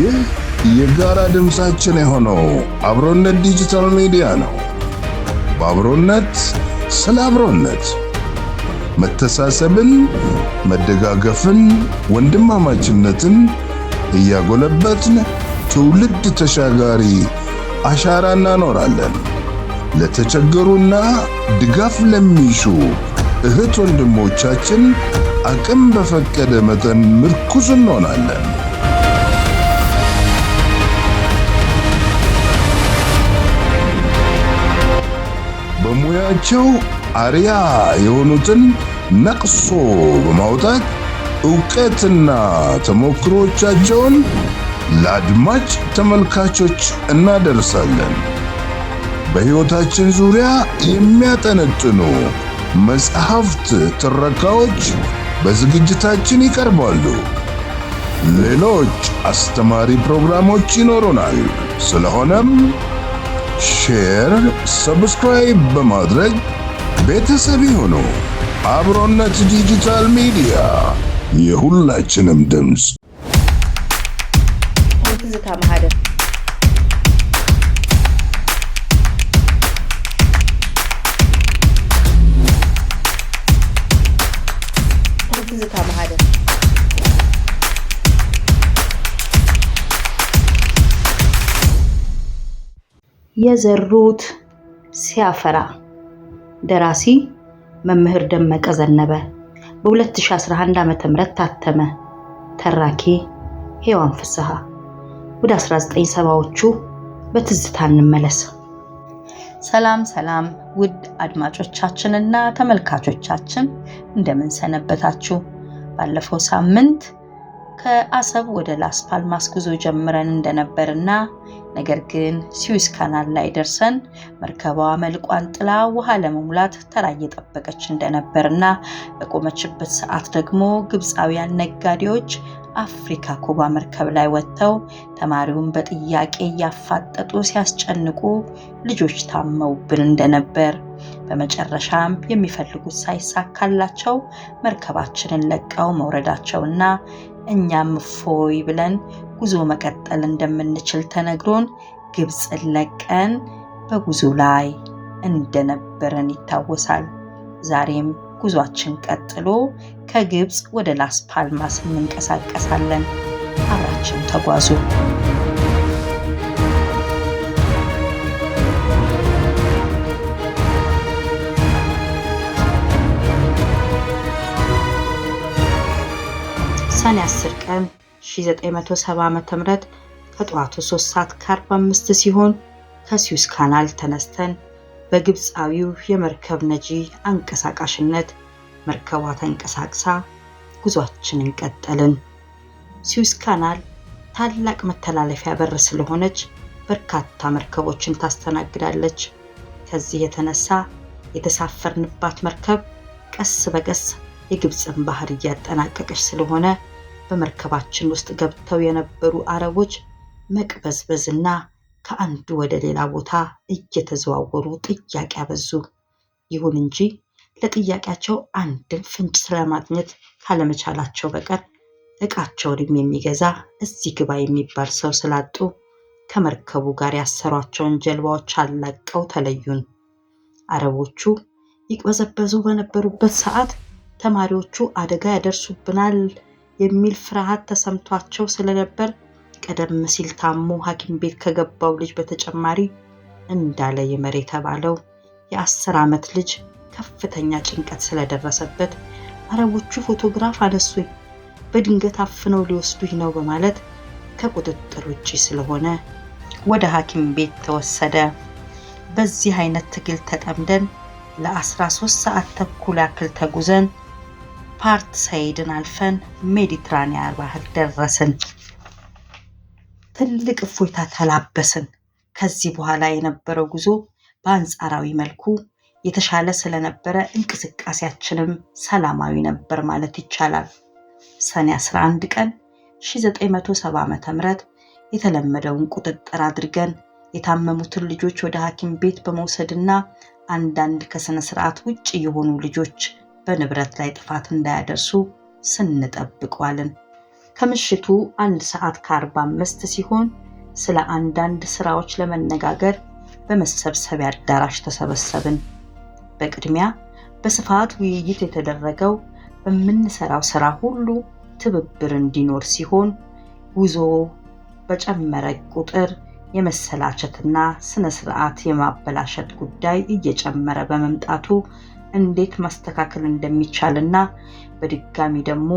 ይህ የጋራ ድምፃችን የሆነው አብሮነት ዲጂታል ሚዲያ ነው። በአብሮነት ስለ አብሮነት መተሳሰብን፣ መደጋገፍን፣ ወንድማማችነትን እያጎለበትን ትውልድ ተሻጋሪ አሻራ እናኖራለን። ለተቸገሩና ድጋፍ ለሚሹ እህት ወንድሞቻችን አቅም በፈቀደ መጠን ምርኩዝ እንሆናለን። በሙያቸው አርያ የሆኑትን ነቅሶ በማውጣት እውቀትና ተሞክሮቻቸውን ለአድማጭ ተመልካቾች እናደርሳለን። በሕይወታችን ዙሪያ የሚያጠነጥኑ መጽሐፍት ትረካዎች በዝግጅታችን ይቀርባሉ። ሌሎች አስተማሪ ፕሮግራሞች ይኖሩናል። ስለሆነም ሼር፣ ሰብስክራይብ በማድረግ ቤተሰብ ይሁኑ። አብሮነት ዲጂታል ሚዲያ የሁላችንም ድምፅ የዘሩት ሲያፈራ ደራሲ መምህር ደመቀ ዘነበ በ2011 ዓ.ም ታተመ። ተራኪ ሔዋን ፍስሐ። ወደ 1970ዎቹ በትዝታ እንመለስ። ሰላም ሰላም፣ ውድ አድማጮቻችንና ተመልካቾቻችን እንደምን ሰነበታችሁ? ባለፈው ሳምንት ከአሰብ ወደ ላስፓልማስ ጉዞ ጀምረን እንደነበርና ነገር ግን ስዊዝ ካናል ላይ ደርሰን መርከቧ መልቋን ጥላ ውሃ ለመሙላት ተራ እየጠበቀች እንደነበርና በቆመችበት ሰዓት ደግሞ ግብፃውያን ነጋዴዎች አፍሪካ ኩባ መርከብ ላይ ወጥተው ተማሪውን በጥያቄ እያፋጠጡ ሲያስጨንቁ ልጆች ታመውብን እንደነበር በመጨረሻም የሚፈልጉት ሳይሳካላቸው መርከባችንን ለቀው መውረዳቸውና እኛም እፎይ ብለን ጉዞ መቀጠል እንደምንችል ተነግሮን ግብፅን ለቀን በጉዞ ላይ እንደነበረን ይታወሳል። ዛሬም ጉዟችን ቀጥሎ ከግብፅ ወደ ላስ ፓልማስ እንንቀሳቀሳለን። አብራችን ተጓዙ። ሰኔ 10 ቀን 1970 ም ከጠዋቱ 3 ሰዓት ከ45 ሲሆን ከስዊስ ካናል ተነስተን በግብፃዊው የመርከብ ነጂ አንቀሳቃሽነት መርከቧ ተንቀሳቅሳ ጉዟችንን ቀጠልን። ስዊስ ካናል ታላቅ መተላለፊያ በር ስለሆነች በርካታ መርከቦችን ታስተናግዳለች። ከዚህ የተነሳ የተሳፈርንባት መርከብ ቀስ በቀስ የግብፅን ባህር እያጠናቀቀች ስለሆነ በመርከባችን ውስጥ ገብተው የነበሩ አረቦች መቅበዝበዝና ከአንዱ ወደ ሌላ ቦታ እየተዘዋወሩ ጥያቄ አበዙ። ይሁን እንጂ ለጥያቄያቸው አንድን ፍንጭ ስለማግኘት ካለመቻላቸው በቀር ዕቃቸውንም የሚገዛ እዚህ ግባ የሚባል ሰው ስላጡ ከመርከቡ ጋር ያሰሯቸውን ጀልባዎች አላቀው ተለዩን። አረቦቹ ይቅበዘበዙ በነበሩበት ሰዓት ተማሪዎቹ አደጋ ያደርሱብናል የሚል ፍርሃት ተሰምቷቸው ስለነበር ቀደም ሲል ታሞ ሐኪም ቤት ከገባው ልጅ በተጨማሪ እንዳለ ይመር የተባለው የአስር ዓመት ልጅ ከፍተኛ ጭንቀት ስለደረሰበት አረቦቹ ፎቶግራፍ አነሱኝ፣ በድንገት አፍነው ሊወስዱኝ ነው በማለት ከቁጥጥር ውጪ ስለሆነ ወደ ሐኪም ቤት ተወሰደ። በዚህ አይነት ትግል ተጠምደን ለ13 ሰዓት ተኩል ያክል ተጉዘን ፓርት ሰይድን አልፈን ሜዲትራኒያን ባህር ደረስን። ትልቅ እፎይታ ተላበስን። ከዚህ በኋላ የነበረው ጉዞ በአንጻራዊ መልኩ የተሻለ ስለነበረ እንቅስቃሴያችንም ሰላማዊ ነበር ማለት ይቻላል። ሰኔ 11 ቀን 1970 ዓ.ም የተለመደውን ቁጥጥር አድርገን የታመሙትን ልጆች ወደ ሐኪም ቤት በመውሰድና አንዳንድ ከስነ ስርዓት ውጭ የሆኑ ልጆች በንብረት ላይ ጥፋት እንዳያደርሱ ስንጠብቋልን። ከምሽቱ አንድ ሰዓት ከአርባ አምስት ሲሆን ስለ አንዳንድ ስራዎች ለመነጋገር በመሰብሰቢያ አዳራሽ ተሰበሰብን። በቅድሚያ በስፋት ውይይት የተደረገው በምንሰራው ስራ ሁሉ ትብብር እንዲኖር ሲሆን ጉዞ በጨመረ ቁጥር የመሰላቸትና ስነ ስርዓት የማበላሸት ጉዳይ እየጨመረ በመምጣቱ እንዴት ማስተካከል እንደሚቻል እና በድጋሚ ደግሞ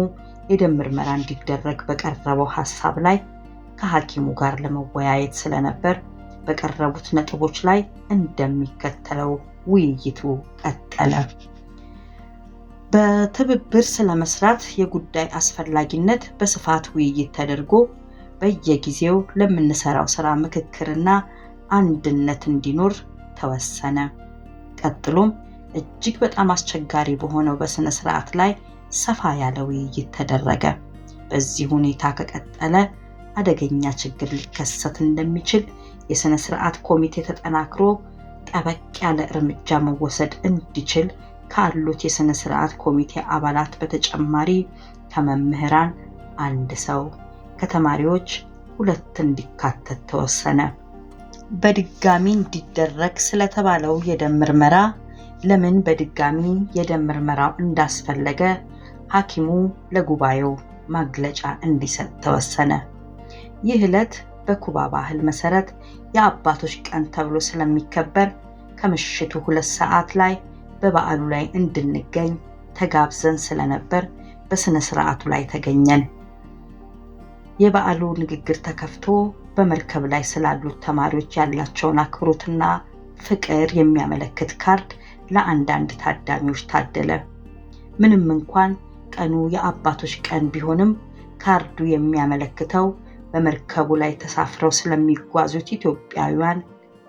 የደም ምርመራ እንዲደረግ በቀረበው ሀሳብ ላይ ከሐኪሙ ጋር ለመወያየት ስለነበር በቀረቡት ነጥቦች ላይ እንደሚከተለው ውይይቱ ቀጠለ። በትብብር ስለመስራት የጉዳይ አስፈላጊነት በስፋት ውይይት ተደርጎ በየጊዜው ለምንሰራው ስራ ምክክርና አንድነት እንዲኖር ተወሰነ። ቀጥሎም እጅግ በጣም አስቸጋሪ በሆነው በሥነ ሥርዓት ላይ ሰፋ ያለ ውይይት ተደረገ። በዚህ ሁኔታ ከቀጠለ አደገኛ ችግር ሊከሰት እንደሚችል የሥነ ሥርዓት ኮሚቴ ተጠናክሮ ጠበቅ ያለ እርምጃ መወሰድ እንዲችል ካሉት የሥነ ሥርዓት ኮሚቴ አባላት በተጨማሪ ከመምህራን አንድ ሰው፣ ከተማሪዎች ሁለት እንዲካተት ተወሰነ። በድጋሚ እንዲደረግ ስለተባለው የደም ምርመራ ለምን በድጋሚ የደም እንዳስፈለገ ሐኪሙ ለጉባኤው ማግለጫ እንዲሰጥ ተወሰነ። ይህ ዕለት በኩባ ባህል መሰረት የአባቶች ቀን ተብሎ ስለሚከበር ከምሽቱ ሁለት ሰዓት ላይ በበዓሉ ላይ እንድንገኝ ተጋብዘን ስለነበር በሥነ ሥርዓቱ ላይ ተገኘን። የበዓሉ ንግግር ተከፍቶ በመርከብ ላይ ስላሉት ተማሪዎች ያላቸውን አክብሮትና ፍቅር የሚያመለክት ካርድ ለአንዳንድ ታዳሚዎች ታደለ። ምንም እንኳን ቀኑ የአባቶች ቀን ቢሆንም ካርዱ የሚያመለክተው በመርከቡ ላይ ተሳፍረው ስለሚጓዙት ኢትዮጵያውያን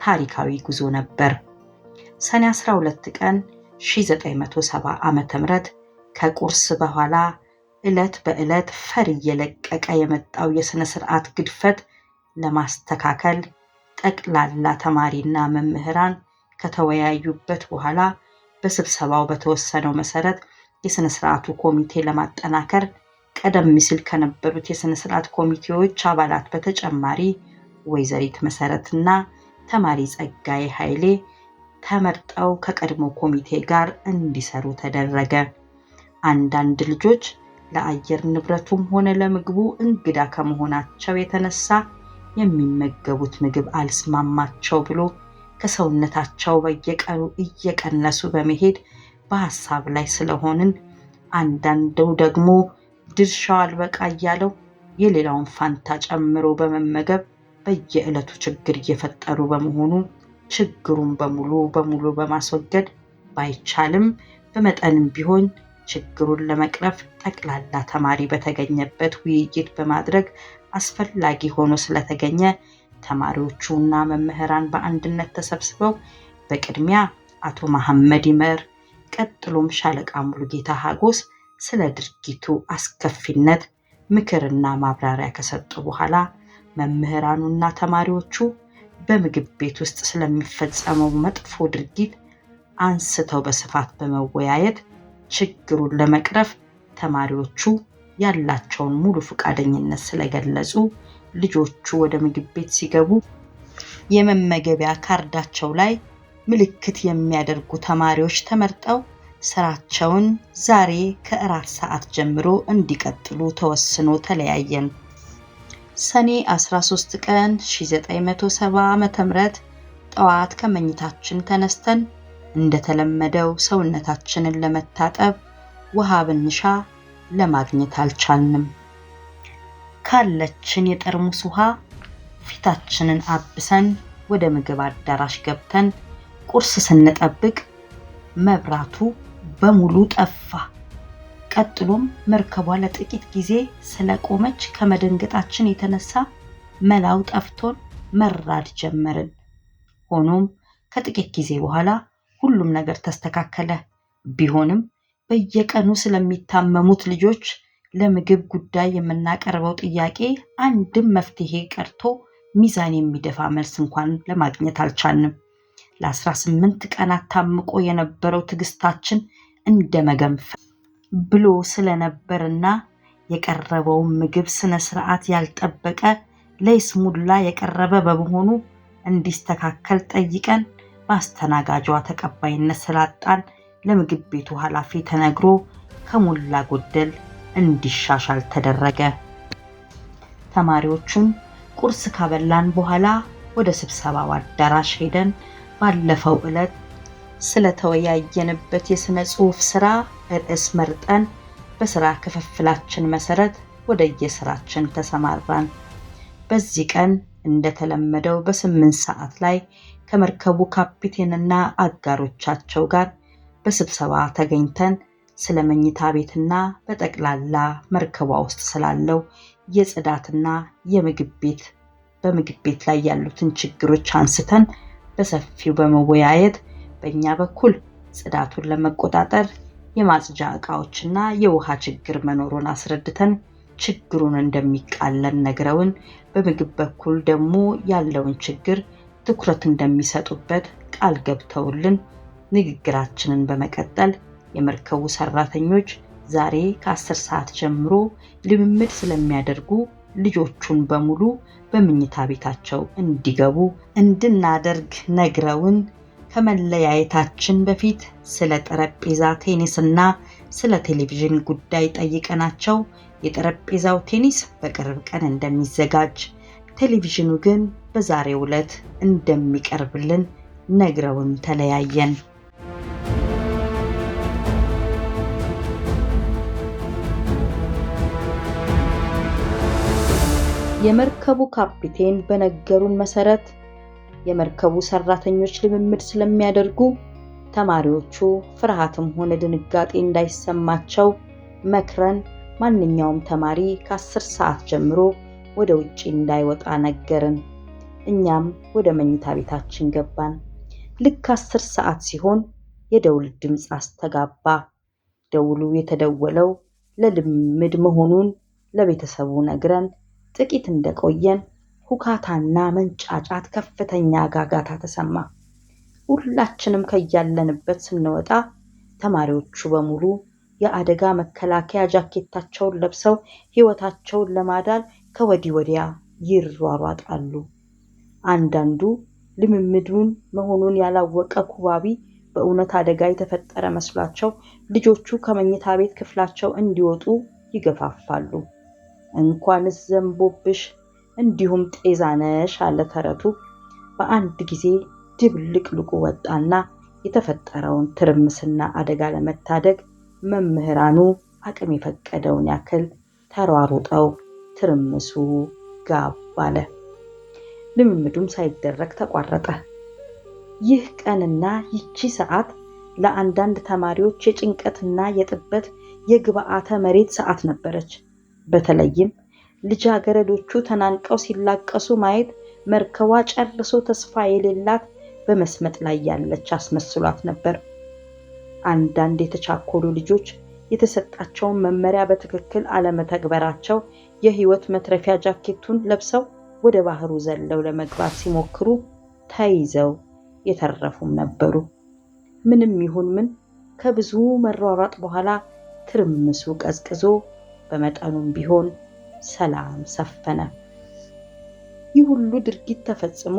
ታሪካዊ ጉዞ ነበር። ሰኔ 12 ቀን 1970 ዓ.ም ከቁርስ በኋላ ዕለት በዕለት ፈር እየለቀቀ የመጣው የሥነ ሥርዓት ግድፈት ለማስተካከል ጠቅላላ ተማሪና መምህራን ከተወያዩበት በኋላ በስብሰባው በተወሰነው መሰረት የሥነ ሥርዓቱ ኮሚቴ ለማጠናከር ቀደም ሲል ከነበሩት የሥነ ሥርዓት ኮሚቴዎች አባላት በተጨማሪ ወይዘሪት መሰረትና ተማሪ ጸጋዬ ኃይሌ ተመርጠው ከቀድሞ ኮሚቴ ጋር እንዲሰሩ ተደረገ። አንዳንድ ልጆች ለአየር ንብረቱም ሆነ ለምግቡ እንግዳ ከመሆናቸው የተነሳ የሚመገቡት ምግብ አልስማማቸው ብሎ ከሰውነታቸው በየቀኑ እየቀነሱ በመሄድ በሀሳብ ላይ ስለሆንን አንዳንዱ ደግሞ ድርሻው አልበቃ እያለው የሌላውን ፋንታ ጨምሮ በመመገብ በየዕለቱ ችግር እየፈጠሩ በመሆኑ ችግሩን በሙሉ በሙሉ በማስወገድ ባይቻልም በመጠንም ቢሆን ችግሩን ለመቅረፍ ጠቅላላ ተማሪ በተገኘበት ውይይት በማድረግ አስፈላጊ ሆኖ ስለተገኘ ተማሪዎቹ እና መምህራን በአንድነት ተሰብስበው በቅድሚያ አቶ መሐመድ ይመር፣ ቀጥሎም ሻለቃ ሙሉጌታ ሀጎስ ስለ ድርጊቱ አስከፊነት ምክርና ማብራሪያ ከሰጡ በኋላ መምህራኑና ተማሪዎቹ በምግብ ቤት ውስጥ ስለሚፈጸመው መጥፎ ድርጊት አንስተው በስፋት በመወያየት ችግሩን ለመቅረፍ ተማሪዎቹ ያላቸውን ሙሉ ፈቃደኝነት ስለገለጹ ልጆቹ ወደ ምግብ ቤት ሲገቡ የመመገቢያ ካርዳቸው ላይ ምልክት የሚያደርጉ ተማሪዎች ተመርጠው ስራቸውን ዛሬ ከእራት ሰዓት ጀምሮ እንዲቀጥሉ ተወስኖ ተለያየን። ሰኔ 13 ቀን 1970 ዓ.ም ጠዋት ከመኝታችን ተነስተን እንደተለመደው ሰውነታችንን ለመታጠብ ውሃ ብንሻ ለማግኘት አልቻልንም። ካለችን የጠርሙስ ውሃ ፊታችንን አብሰን ወደ ምግብ አዳራሽ ገብተን ቁርስ ስንጠብቅ መብራቱ በሙሉ ጠፋ። ቀጥሎም መርከቧ ለጥቂት ጊዜ ስለቆመች ከመደንገጣችን የተነሳ መላው ጠፍቶን መራድ ጀመርን። ሆኖም ከጥቂት ጊዜ በኋላ ሁሉም ነገር ተስተካከለ። ቢሆንም በየቀኑ ስለሚታመሙት ልጆች ለምግብ ጉዳይ የምናቀርበው ጥያቄ አንድም መፍትሄ ቀርቶ ሚዛን የሚደፋ መልስ እንኳን ለማግኘት አልቻልንም። ለአስራ ለ18 ቀናት ታምቆ የነበረው ትዕግስታችን እንደ መገንፈ ብሎ ስለነበርና የቀረበውን ምግብ ስነ ስርዓት ያልጠበቀ ለይስሙላ የቀረበ በመሆኑ እንዲስተካከል ጠይቀን በአስተናጋጇ ተቀባይነት ስላጣን ለምግብ ቤቱ ኃላፊ ተነግሮ ከሞላ ጎደል እንዲሻሻል ተደረገ። ተማሪዎቹን ቁርስ ካበላን በኋላ ወደ ስብሰባው አዳራሽ ሄደን ባለፈው ዕለት ስለተወያየንበት የሥነ ጽሑፍ ሥራ ርዕስ መርጠን በሥራ ክፍፍላችን መሠረት ወደ የሥራችን ተሰማራን። በዚህ ቀን እንደተለመደው በስምንት ሰዓት ላይ ከመርከቡ ካፒቴንና አጋሮቻቸው ጋር በስብሰባ ተገኝተን ስለ መኝታ ቤትና በጠቅላላ መርከቧ ውስጥ ስላለው የጽዳትና የምግብ ቤት በምግብ ቤት ላይ ያሉትን ችግሮች አንስተን በሰፊው በመወያየት በእኛ በኩል ጽዳቱን ለመቆጣጠር የማጽጃ እቃዎችና የውሃ ችግር መኖሩን አስረድተን ችግሩን እንደሚቃለን ነግረውን በምግብ በኩል ደግሞ ያለውን ችግር ትኩረት እንደሚሰጡበት ቃል ገብተውልን ንግግራችንን በመቀጠል የመርከቡ ሰራተኞች ዛሬ ከ10 ሰዓት ጀምሮ ልምምድ ስለሚያደርጉ ልጆቹን በሙሉ በመኝታ ቤታቸው እንዲገቡ እንድናደርግ ነግረውን ከመለያየታችን በፊት ስለ ጠረጴዛ ቴኒስና ስለ ቴሌቪዥን ጉዳይ ጠይቀናቸው የጠረጴዛው ቴኒስ በቅርብ ቀን እንደሚዘጋጅ ቴሌቪዥኑ ግን በዛሬው ዕለት እንደሚቀርብልን ነግረውን ተለያየን። የመርከቡ ካፒቴን በነገሩን መሰረት የመርከቡ ሰራተኞች ልምምድ ስለሚያደርጉ ተማሪዎቹ ፍርሃትም ሆነ ድንጋጤ እንዳይሰማቸው መክረን ማንኛውም ተማሪ ከአስር ሰዓት ጀምሮ ወደ ውጪ እንዳይወጣ ነገርን። እኛም ወደ መኝታ ቤታችን ገባን። ልክ አስር ሰዓት ሲሆን የደውል ድምፅ አስተጋባ። ደውሉ የተደወለው ለልምምድ መሆኑን ለቤተሰቡ ነግረን ጥቂት እንደቆየን ሁካታና መንጫጫት ከፍተኛ ጋጋታ ተሰማ። ሁላችንም ከያለንበት ስንወጣ ተማሪዎቹ በሙሉ የአደጋ መከላከያ ጃኬታቸውን ለብሰው ሕይወታቸውን ለማዳን ከወዲህ ወዲያ ይሯሯጣሉ። አንዳንዱ ልምምዱን መሆኑን ያላወቀ ኩባቢ በእውነት አደጋ የተፈጠረ መስሏቸው ልጆቹ ከመኝታ ቤት ክፍላቸው እንዲወጡ ይገፋፋሉ። እንኳንስ ዘንቦብሽ እንዲሁም ጤዛነሽ አለ ተረቱ። በአንድ ጊዜ ድብልቅልቁ ወጣና የተፈጠረውን ትርምስና አደጋ ለመታደግ መምህራኑ አቅም የፈቀደውን ያክል ተሯሩጠው ትርምሱ ጋብ አለ። ልምምዱም ሳይደረግ ተቋረጠ። ይህ ቀንና ይቺ ሰዓት ለአንዳንድ ተማሪዎች የጭንቀትና የጥበት የግብዓተ መሬት ሰዓት ነበረች። በተለይም ልጃገረዶቹ ተናንቀው ሲላቀሱ ማየት መርከቧ ጨርሶ ተስፋ የሌላት በመስመጥ ላይ ያለች አስመስሏት ነበር። አንዳንድ የተቻኮሉ ልጆች የተሰጣቸውን መመሪያ በትክክል አለመተግበራቸው የህይወት መትረፊያ ጃኬቱን ለብሰው ወደ ባህሩ ዘለው ለመግባት ሲሞክሩ ተይዘው የተረፉም ነበሩ። ምንም ይሁን ምን ከብዙ መሯሯጥ በኋላ ትርምሱ ቀዝቅዞ በመጠኑም ቢሆን ሰላም ሰፈነ። ይህ ሁሉ ድርጊት ተፈጽሞ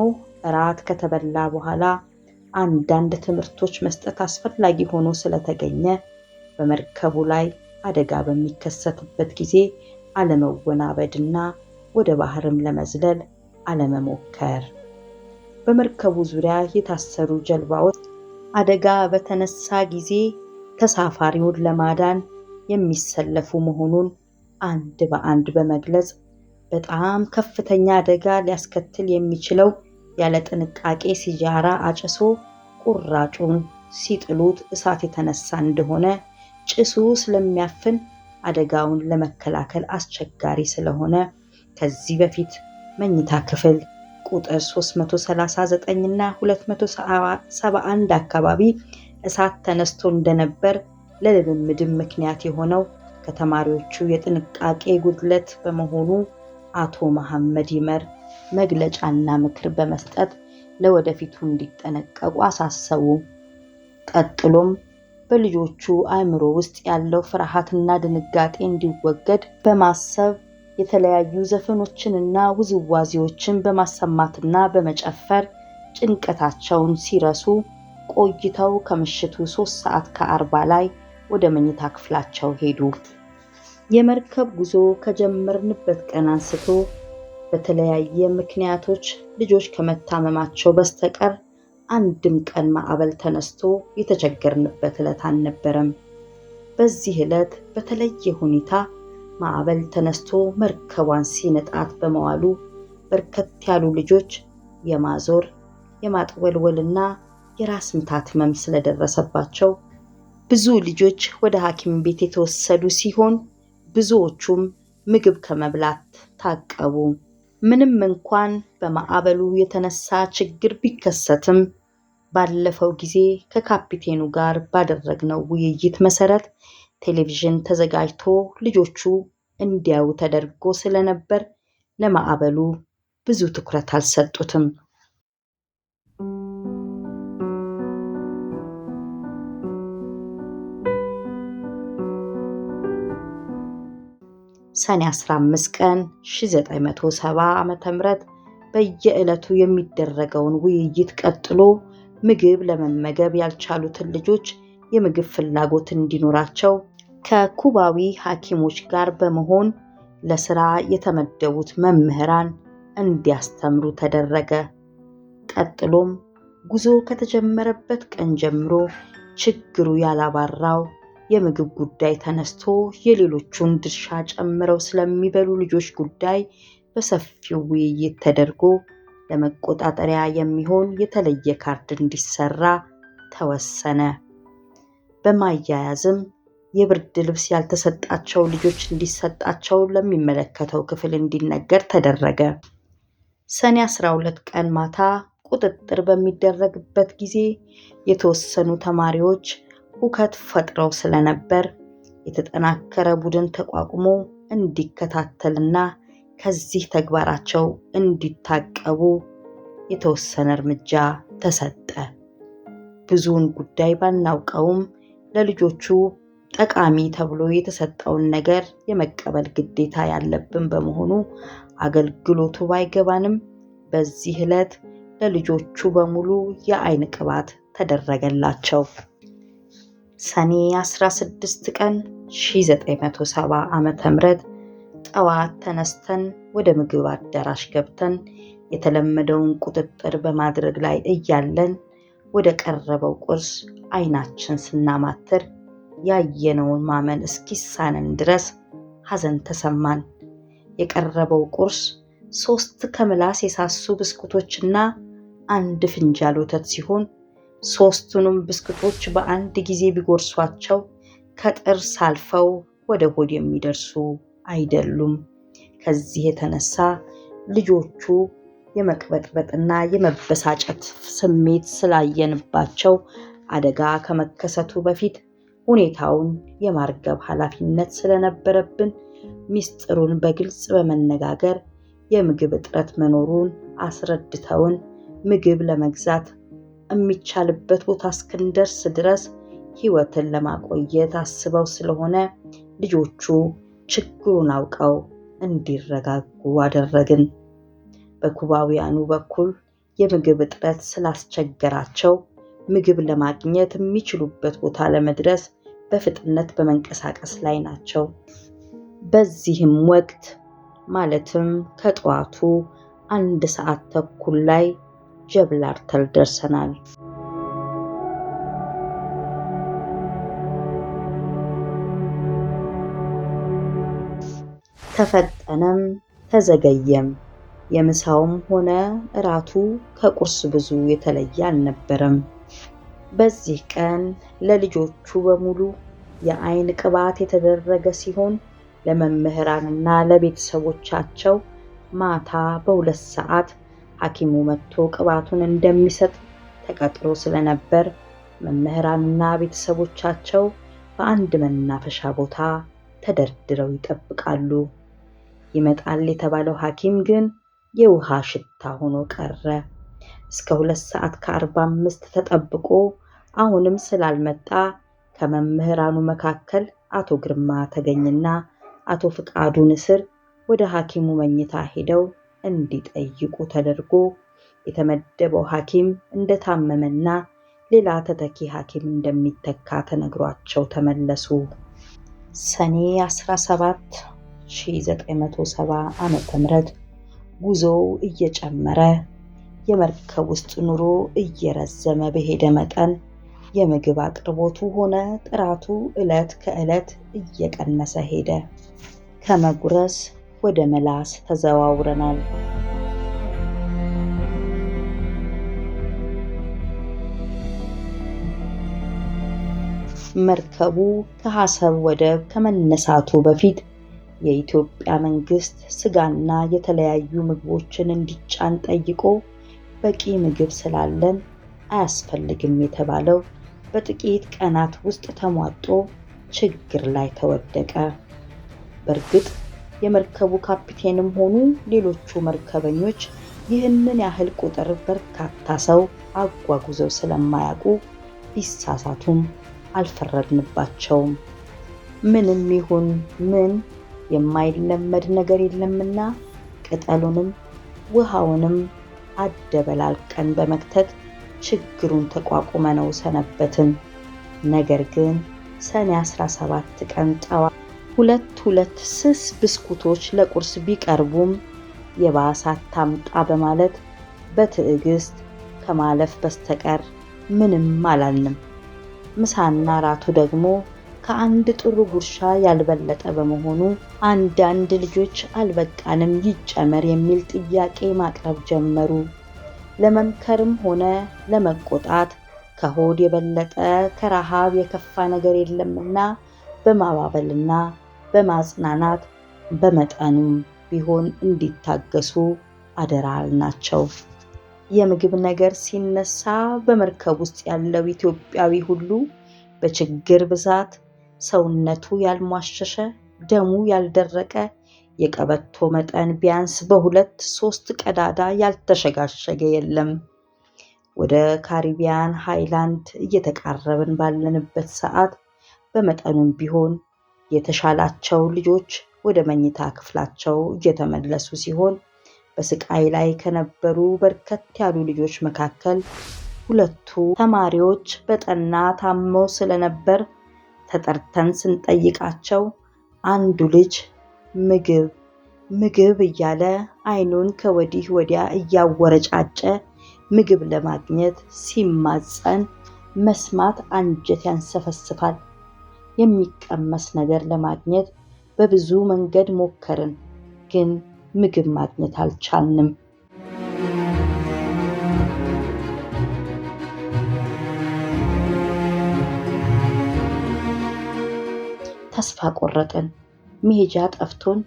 እራት ከተበላ በኋላ አንዳንድ ትምህርቶች መስጠት አስፈላጊ ሆኖ ስለተገኘ በመርከቡ ላይ አደጋ በሚከሰትበት ጊዜ አለመወናበድና ወደ ባህርም ለመዝለል አለመሞከር፣ በመርከቡ ዙሪያ የታሰሩ ጀልባዎች አደጋ በተነሳ ጊዜ ተሳፋሪውን ለማዳን የሚሰለፉ መሆኑን አንድ በአንድ በመግለጽ በጣም ከፍተኛ አደጋ ሊያስከትል የሚችለው ያለ ጥንቃቄ ሲጃራ አጭሶ ቁራጩን ሲጥሉት እሳት የተነሳ እንደሆነ ጭሱ ስለሚያፍን አደጋውን ለመከላከል አስቸጋሪ ስለሆነ ከዚህ በፊት መኝታ ክፍል ቁጥር 339 እና 271 አካባቢ እሳት ተነስቶ እንደነበር ለልምምድም ምክንያት የሆነው ከተማሪዎቹ የጥንቃቄ ጉድለት በመሆኑ አቶ መሐመድ ይመር መግለጫና ምክር በመስጠት ለወደፊቱ እንዲጠነቀቁ አሳሰቡ። ቀጥሎም በልጆቹ አእምሮ ውስጥ ያለው ፍርሃትና ድንጋጤ እንዲወገድ በማሰብ የተለያዩ ዘፈኖችንና ውዝዋዜዎችን በማሰማትና በመጨፈር ጭንቀታቸውን ሲረሱ ቆይተው ከምሽቱ ሶስት ሰዓት ከአርባ ላይ ወደ መኝታ ክፍላቸው ሄዱ። የመርከብ ጉዞ ከጀመርንበት ቀን አንስቶ በተለያየ ምክንያቶች ልጆች ከመታመማቸው በስተቀር አንድም ቀን ማዕበል ተነስቶ የተቸገርንበት ዕለት አልነበረም። በዚህ ዕለት በተለየ ሁኔታ ማዕበል ተነስቶ መርከቧን ሲንጣት በመዋሉ በርከት ያሉ ልጆች የማዞር የማጥወልወልና የራስ ምታት ህመም ስለደረሰባቸው ብዙ ልጆች ወደ ሐኪም ቤት የተወሰዱ ሲሆን ብዙዎቹም ምግብ ከመብላት ታቀቡ። ምንም እንኳን በማዕበሉ የተነሳ ችግር ቢከሰትም ባለፈው ጊዜ ከካፒቴኑ ጋር ባደረግነው ውይይት መሰረት ቴሌቪዥን ተዘጋጅቶ ልጆቹ እንዲያዩ ተደርጎ ስለነበር ለማዕበሉ ብዙ ትኩረት አልሰጡትም። ሰኔ 15 ቀን 1970 ዓ.ም በየዕለቱ የሚደረገውን ውይይት ቀጥሎ ምግብ ለመመገብ ያልቻሉትን ልጆች የምግብ ፍላጎት እንዲኖራቸው ከኩባዊ ሐኪሞች ጋር በመሆን ለስራ የተመደቡት መምህራን እንዲያስተምሩ ተደረገ። ቀጥሎም ጉዞ ከተጀመረበት ቀን ጀምሮ ችግሩ ያላባራው የምግብ ጉዳይ ተነስቶ የሌሎቹን ድርሻ ጨምረው ስለሚበሉ ልጆች ጉዳይ በሰፊው ውይይት ተደርጎ ለመቆጣጠሪያ የሚሆን የተለየ ካርድ እንዲሰራ ተወሰነ። በማያያዝም የብርድ ልብስ ያልተሰጣቸው ልጆች እንዲሰጣቸው ለሚመለከተው ክፍል እንዲነገር ተደረገ። ሰኔ 12 ቀን ማታ ቁጥጥር በሚደረግበት ጊዜ የተወሰኑ ተማሪዎች ሁከት ፈጥረው ስለነበር የተጠናከረ ቡድን ተቋቁሞ እንዲከታተልና ከዚህ ተግባራቸው እንዲታቀቡ የተወሰነ እርምጃ ተሰጠ። ብዙውን ጉዳይ ባናውቀውም ለልጆቹ ጠቃሚ ተብሎ የተሰጠውን ነገር የመቀበል ግዴታ ያለብን በመሆኑ አገልግሎቱ ባይገባንም በዚህ ዕለት ለልጆቹ በሙሉ የአይን ቅባት ተደረገላቸው። ሰኔ 16 ቀን 1970 ዓ.ም ጠዋት ተነስተን ወደ ምግብ አዳራሽ ገብተን የተለመደውን ቁጥጥር በማድረግ ላይ እያለን ወደ ቀረበው ቁርስ አይናችን ስናማትር ያየነውን ማመን እስኪሳንን ድረስ ሐዘን ተሰማን። የቀረበው ቁርስ ሶስት ከምላስ የሳሱ ብስኩቶችና አንድ ፍንጃል ወተት ሲሆን ሶስቱንም ብስኩቶች በአንድ ጊዜ ቢጎርሷቸው ከጥርስ አልፈው ወደ ሆድ የሚደርሱ አይደሉም። ከዚህ የተነሳ ልጆቹ የመቅበጥበጥና የመበሳጨት ስሜት ስላየንባቸው አደጋ ከመከሰቱ በፊት ሁኔታውን የማርገብ ኃላፊነት ስለነበረብን ሚስጥሩን በግልጽ በመነጋገር የምግብ እጥረት መኖሩን አስረድተውን ምግብ ለመግዛት የሚቻልበት ቦታ እስክንደርስ ድረስ ህይወትን ለማቆየት አስበው ስለሆነ ልጆቹ ችግሩን አውቀው እንዲረጋጉ አደረግን። በኩባውያኑ በኩል የምግብ እጥረት ስላስቸገራቸው ምግብ ለማግኘት የሚችሉበት ቦታ ለመድረስ በፍጥነት በመንቀሳቀስ ላይ ናቸው። በዚህም ወቅት ማለትም ከጠዋቱ አንድ ሰዓት ተኩል ላይ ጀብላርተል ደርሰናል። ተፈጠነም ተዘገየም የምሳውም ሆነ እራቱ ከቁርስ ብዙ የተለየ አልነበረም። በዚህ ቀን ለልጆቹ በሙሉ የአይን ቅባት የተደረገ ሲሆን ለመምህራንና ለቤተሰቦቻቸው ማታ በሁለት ሰዓት ሐኪሙ መጥቶ ቅባቱን እንደሚሰጥ ተቀጥሮ ስለነበር መምህራንና ቤተሰቦቻቸው በአንድ መናፈሻ ቦታ ተደርድረው ይጠብቃሉ። ይመጣል የተባለው ሐኪም ግን የውሃ ሽታ ሆኖ ቀረ። እስከ ሁለት ሰዓት ከአርባ አምስት ተጠብቆ አሁንም ስላልመጣ ከመምህራኑ መካከል አቶ ግርማ ተገኝና አቶ ፍቃዱ ንስር ወደ ሐኪሙ መኝታ ሄደው እንዲጠይቁ ተደርጎ የተመደበው ሐኪም እንደታመመና ሌላ ተተኪ ሐኪም እንደሚተካ ተነግሯቸው ተመለሱ። ሰኔ 17 1970 ዓ.ም ጉዞው እየጨመረ የመርከብ ውስጥ ኑሮ እየረዘመ በሄደ መጠን የምግብ አቅርቦቱ ሆነ ጥራቱ ዕለት ከዕለት እየቀነሰ ሄደ። ከመጉረስ ወደ መላስ ተዘዋውረናል። መርከቡ ከሐሰብ ወደብ ከመነሳቱ በፊት የኢትዮጵያ መንግስት ስጋና የተለያዩ ምግቦችን እንዲጫን ጠይቆ በቂ ምግብ ስላለን አያስፈልግም የተባለው በጥቂት ቀናት ውስጥ ተሟጦ ችግር ላይ ተወደቀ። በእርግጥ የመርከቡ ካፒቴንም ሆኑ ሌሎቹ መርከበኞች ይህንን ያህል ቁጥር በርካታ ሰው አጓጉዘው ስለማያውቁ ቢሳሳቱም አልፈረድንባቸውም። ምንም ይሁን ምን የማይለመድ ነገር የለምና ቅጠሉንም ውሃውንም አደበላልቀን በመክተት ችግሩን ተቋቁመነው ሰነበትን። ነገር ግን ሰኔ 17 ቀን ጠዋት ሁለት ሁለት ስስ ብስኩቶች ለቁርስ ቢቀርቡም የባሰ አታምጣ በማለት በትዕግስት ከማለፍ በስተቀር ምንም አላልንም። ምሳና ራቱ ደግሞ ከአንድ ጥሩ ጉርሻ ያልበለጠ በመሆኑ አንዳንድ ልጆች አልበቃንም ይጨመር የሚል ጥያቄ ማቅረብ ጀመሩ። ለመምከርም ሆነ ለመቆጣት ከሆድ የበለጠ ከረሃብ የከፋ ነገር የለምና በማባበልና በማጽናናት በመጠኑም ቢሆን እንዲታገሱ አደራል ናቸው። የምግብ ነገር ሲነሳ በመርከብ ውስጥ ያለው ኢትዮጵያዊ ሁሉ በችግር ብዛት ሰውነቱ ያልሟሸሸ ደሙ ያልደረቀ የቀበቶ መጠን ቢያንስ በሁለት ሶስት ቀዳዳ ያልተሸጋሸገ የለም። ወደ ካሪቢያን ሃይላንድ እየተቃረብን ባለንበት ሰዓት በመጠኑም ቢሆን የተሻላቸው ልጆች ወደ መኝታ ክፍላቸው እየተመለሱ ሲሆን በስቃይ ላይ ከነበሩ በርከት ያሉ ልጆች መካከል ሁለቱ ተማሪዎች በጠና ታመው ስለነበር ተጠርተን ስንጠይቃቸው አንዱ ልጅ ምግብ ምግብ እያለ አይኑን ከወዲህ ወዲያ እያወረጫጨ ምግብ ለማግኘት ሲማፀን መስማት አንጀት ያንሰፈስፋል። የሚቀመስ ነገር ለማግኘት በብዙ መንገድ ሞከርን፣ ግን ምግብ ማግኘት አልቻልንም። ተስፋ ቆረጥን። መሄጃ ጠፍቶን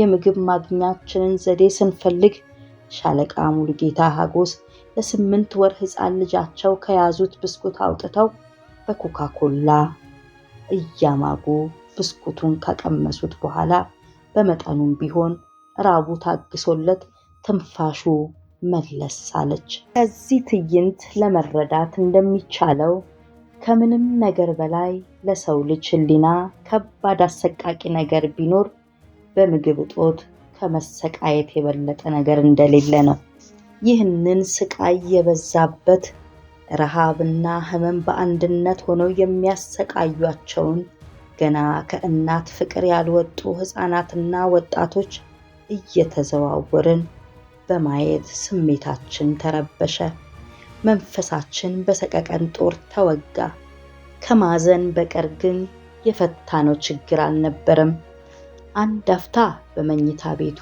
የምግብ ማግኛችንን ዘዴ ስንፈልግ ሻለቃ ሙሉጌታ ሀጎስ ለስምንት ወር ሕፃን ልጃቸው ከያዙት ብስኩት አውጥተው በኮካ ኮላ እያማጉ ብስኩቱን ከቀመሱት በኋላ በመጠኑም ቢሆን ራቡ ታግሶለት ትንፋሹ መለስ አለች። ከዚህ ትዕይንት ለመረዳት እንደሚቻለው ከምንም ነገር በላይ ለሰው ልጅ ሕሊና ከባድ አሰቃቂ ነገር ቢኖር በምግብ እጦት ከመሰቃየት የበለጠ ነገር እንደሌለ ነው። ይህንን ስቃይ የበዛበት ረሃብና ህመም በአንድነት ሆነው የሚያሰቃዩቸውን ገና ከእናት ፍቅር ያልወጡ ሕፃናትና ወጣቶች እየተዘዋወርን በማየት ስሜታችን ተረበሸ። መንፈሳችን በሰቀቀን ጦር ተወጋ። ከማዘን በቀር ግን የፈታነው ችግር አልነበረም። አንድ አፍታ በመኝታ ቤቱ፣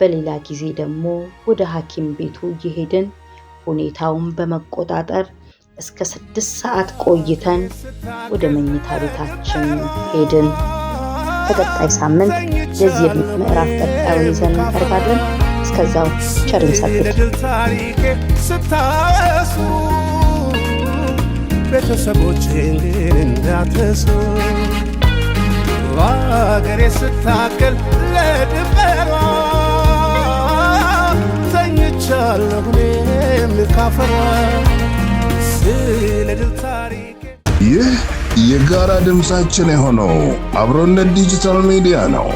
በሌላ ጊዜ ደግሞ ወደ ሐኪም ቤቱ እየሄድን ሁኔታውን በመቆጣጠር እስከ ስድስት ሰዓት ቆይተን ወደ መኝታ ቤታችን ሄድን። በቀጣይ ሳምንት የዚህ የቤት ምዕራፍ ቀጣዩ ይዘን እንቀርባለን። እስከዛው ቸርን ስታወሱ ቤተሰቦቼን ግን እንዳትረሱ ይህ የጋራ ድምፃችን የሆነው አብሮነት ዲጂታል ሚዲያ ነው።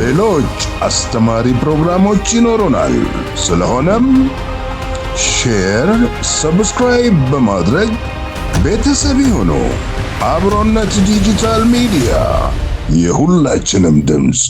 ሌሎች አስተማሪ ፕሮግራሞች ይኖሩናል። ስለሆነም ሼር፣ ሰብስክራይብ በማድረግ ቤተሰብ ይሁኑ። አብሮነት ዲጂታል ሚዲያ የሁላችንም ድምፅ